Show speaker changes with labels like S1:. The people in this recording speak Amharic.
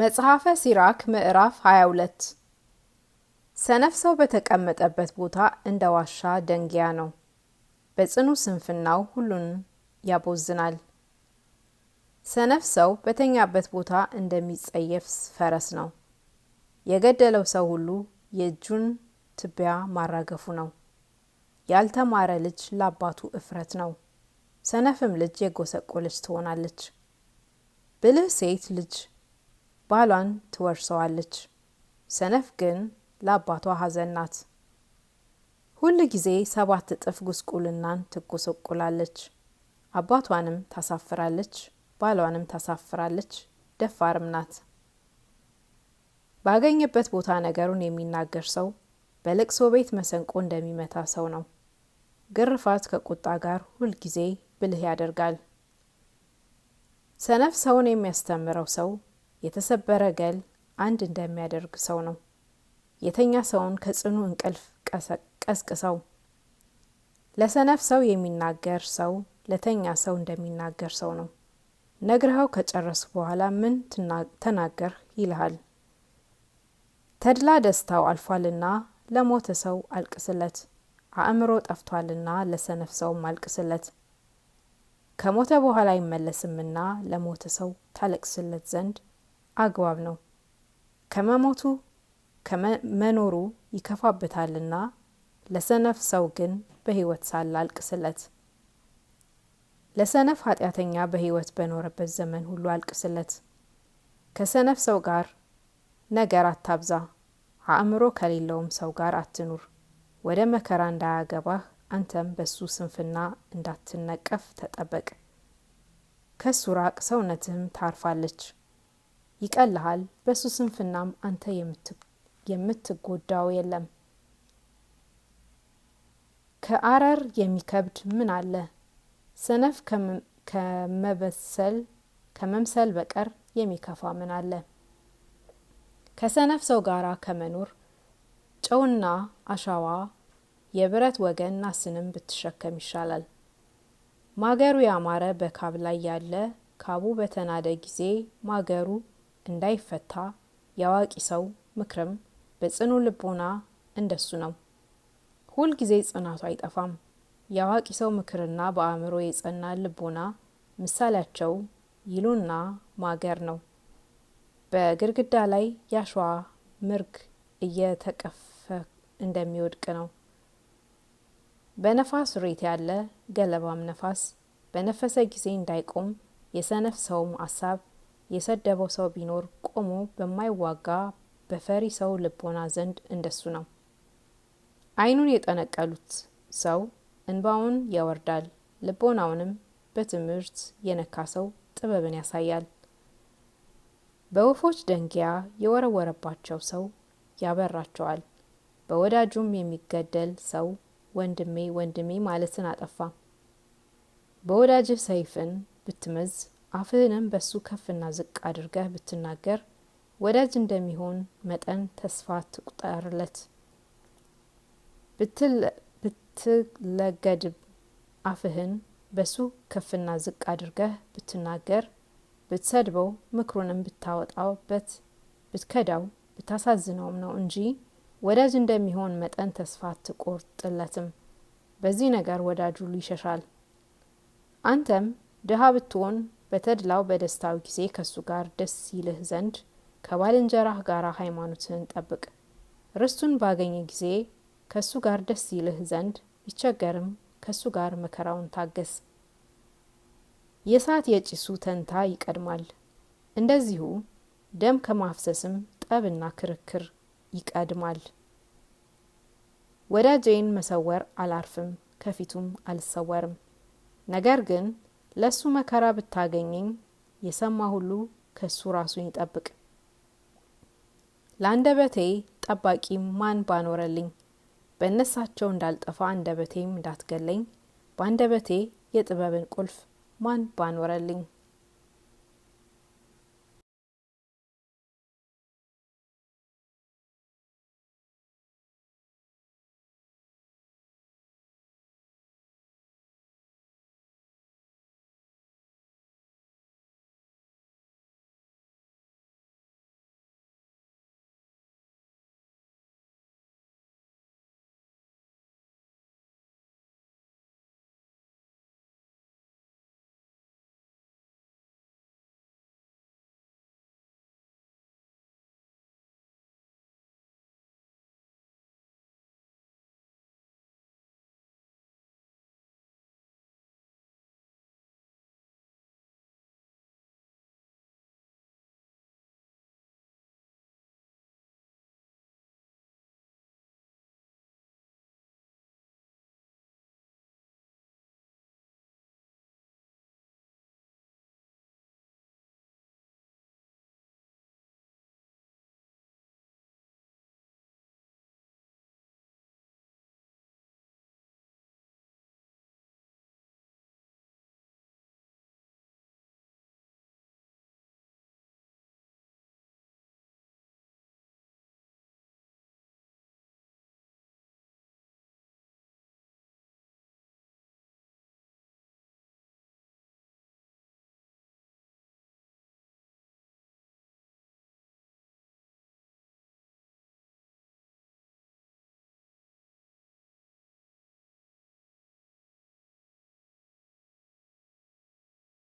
S1: መጽሐፈ ሲራክ ምዕራፍ 22 ሰነፍ ሰው በተቀመጠበት ቦታ እንደ ዋሻ ደንጊያ ነው። በጽኑ ስንፍናው ሁሉን ያቦዝናል። ሰነፍ ሰው በተኛበት ቦታ እንደሚጸየፍ ፈረስ ነው። የገደለው ሰው ሁሉ የእጁን ትቢያ ማራገፉ ነው። ያልተማረ ልጅ ለአባቱ እፍረት ነው። ሰነፍም ልጅ የጎሰቆለች ትሆናለች። ብልህ ሴት ልጅ ባሏን ትወርሰዋለች። ሰነፍ ግን ለአባቷ ሐዘን ናት። ሁል ጊዜ ሰባት እጥፍ ጉስቁልናን ትጎሰቁላለች። አባቷንም ታሳፍራለች፣ ባሏንም ታሳፍራለች። ደፋርም ናት። ባገኘበት ቦታ ነገሩን የሚናገር ሰው በለቅሶ ቤት መሰንቆ እንደሚመታ ሰው ነው። ግርፋት ከቁጣ ጋር ሁልጊዜ ብልህ ያደርጋል። ሰነፍ ሰውን የሚያስተምረው ሰው የተሰበረ ገል አንድ እንደሚያደርግ ሰው ነው። የተኛ ሰውን ከጽኑ እንቅልፍ ቀስቅሰው። ለሰነፍ ሰው የሚናገር ሰው ለተኛ ሰው እንደሚናገር ሰው ነው። ነግረኸው ከጨረሱ በኋላ ምን ተናገርህ ይልሃል። ተድላ ደስታው አልፏልና ለሞተ ሰው አልቅስለት፣ አእምሮ ጠፍቷልና ለሰነፍ ሰውም አልቅስለት። ከሞተ በኋላ አይመለስምና ለሞተ ሰው ታለቅስለት ዘንድ አግባብ ነው። ከመሞቱ ከመኖሩ ይከፋበታልና ለሰነፍ ሰው ግን በሕይወት ሳለ አልቅስለት። ለሰነፍ ኃጢአተኛ በሕይወት በኖረበት ዘመን ሁሉ አልቅስለት። ከሰነፍ ሰው ጋር ነገር አታብዛ፣ አእምሮ ከሌለውም ሰው ጋር አትኑር። ወደ መከራ እንዳያገባህ አንተም በሱ ስንፍና እንዳትነቀፍ ተጠበቅ። ከሱ ራቅ፣ ሰውነትህም ታርፋለች። ይቀልሃል። በሱ ስንፍናም አንተ የምትጎዳው የለም። ከአረር የሚከብድ ምን አለ? ሰነፍ ከመበሰል ከመምሰል በቀር የሚከፋ ምን አለ? ከሰነፍ ሰው ጋር ከመኖር ጨውና አሻዋ የብረት ወገን ናስንም ብትሸከም ይሻላል። ማገሩ ያማረ በካብ ላይ ያለ ካቡ በተናደ ጊዜ ማገሩ እንዳይፈታ የአዋቂ ሰው ምክርም በጽኑ ልቦና እንደሱ ነው። ሁልጊዜ ጽናቱ አይጠፋም። የአዋቂ ሰው ምክርና በአእምሮ የጸና ልቦና ምሳሌያቸው ይሉና ማገር ነው። በግድግዳ ላይ ያሸዋ ምርግ እየተቀፈ እንደሚወድቅ ነው። በነፋስ ሬት ያለ ገለባም ነፋስ በነፈሰ ጊዜ እንዳይቆም የሰነፍ ሰውም አሳብ የሰደበው ሰው ቢኖር ቆሞ በማይዋጋ በፈሪ ሰው ልቦና ዘንድ እንደሱ ነው። አይኑን የጠነቀሉት ሰው እንባውን ያወርዳል፣ ልቦናውንም በትምህርት የነካ ሰው ጥበብን ያሳያል። በወፎች ደንጊያ የወረወረባቸው ሰው ያበራቸዋል። በወዳጁም የሚገደል ሰው ወንድሜ ወንድሜ ማለትን አጠፋ። በወዳጅህ ሰይፍን ብትመዝ አፍህንም በሱ ከፍና ዝቅ አድርገህ ብትናገር ወዳጅ እንደሚሆን መጠን ተስፋ ትቁጠርለት። ብትለገድብ አፍህን በሱ ከፍና ዝቅ አድርገህ ብትናገር፣ ብትሰድበው፣ ምክሩንም ብታወጣበት፣ ብትከዳው፣ ብታሳዝነውም ነው እንጂ ወዳጅ እንደሚሆን መጠን ተስፋ ትቆርጥለትም በዚህ ነገር ወዳጁ ይሸሻል። አንተም ድሀ ብትሆን በተድላው በደስታው ጊዜ ከእሱ ጋር ደስ ይልህ ዘንድ ከባልንጀራህ ጋር ሃይማኖትህን ጠብቅ። ርስቱን ባገኘ ጊዜ ከእሱ ጋር ደስ ይልህ ዘንድ ቢቸገርም ከእሱ ጋር መከራውን ታገስ። የእሳት የጭሱ ተንታ ይቀድማል። እንደዚሁ ደም ከማፍሰስም ጠብና ክርክር ይቀድማል። ወዳጄን መሰወር አላርፍም፣ ከፊቱም አልሰወርም። ነገር ግን ለእሱ መከራ ብታገኘኝ የሰማ ሁሉ ከእሱ ራሱን ይጠብቅ። ለአንደበቴ ጠባቂ ማን ባኖረልኝ? በእነሳቸው እንዳልጠፋ አንደበቴም እንዳትገለኝ፣ በአንደበቴ የጥበብን ቁልፍ ማን ባኖረልኝ?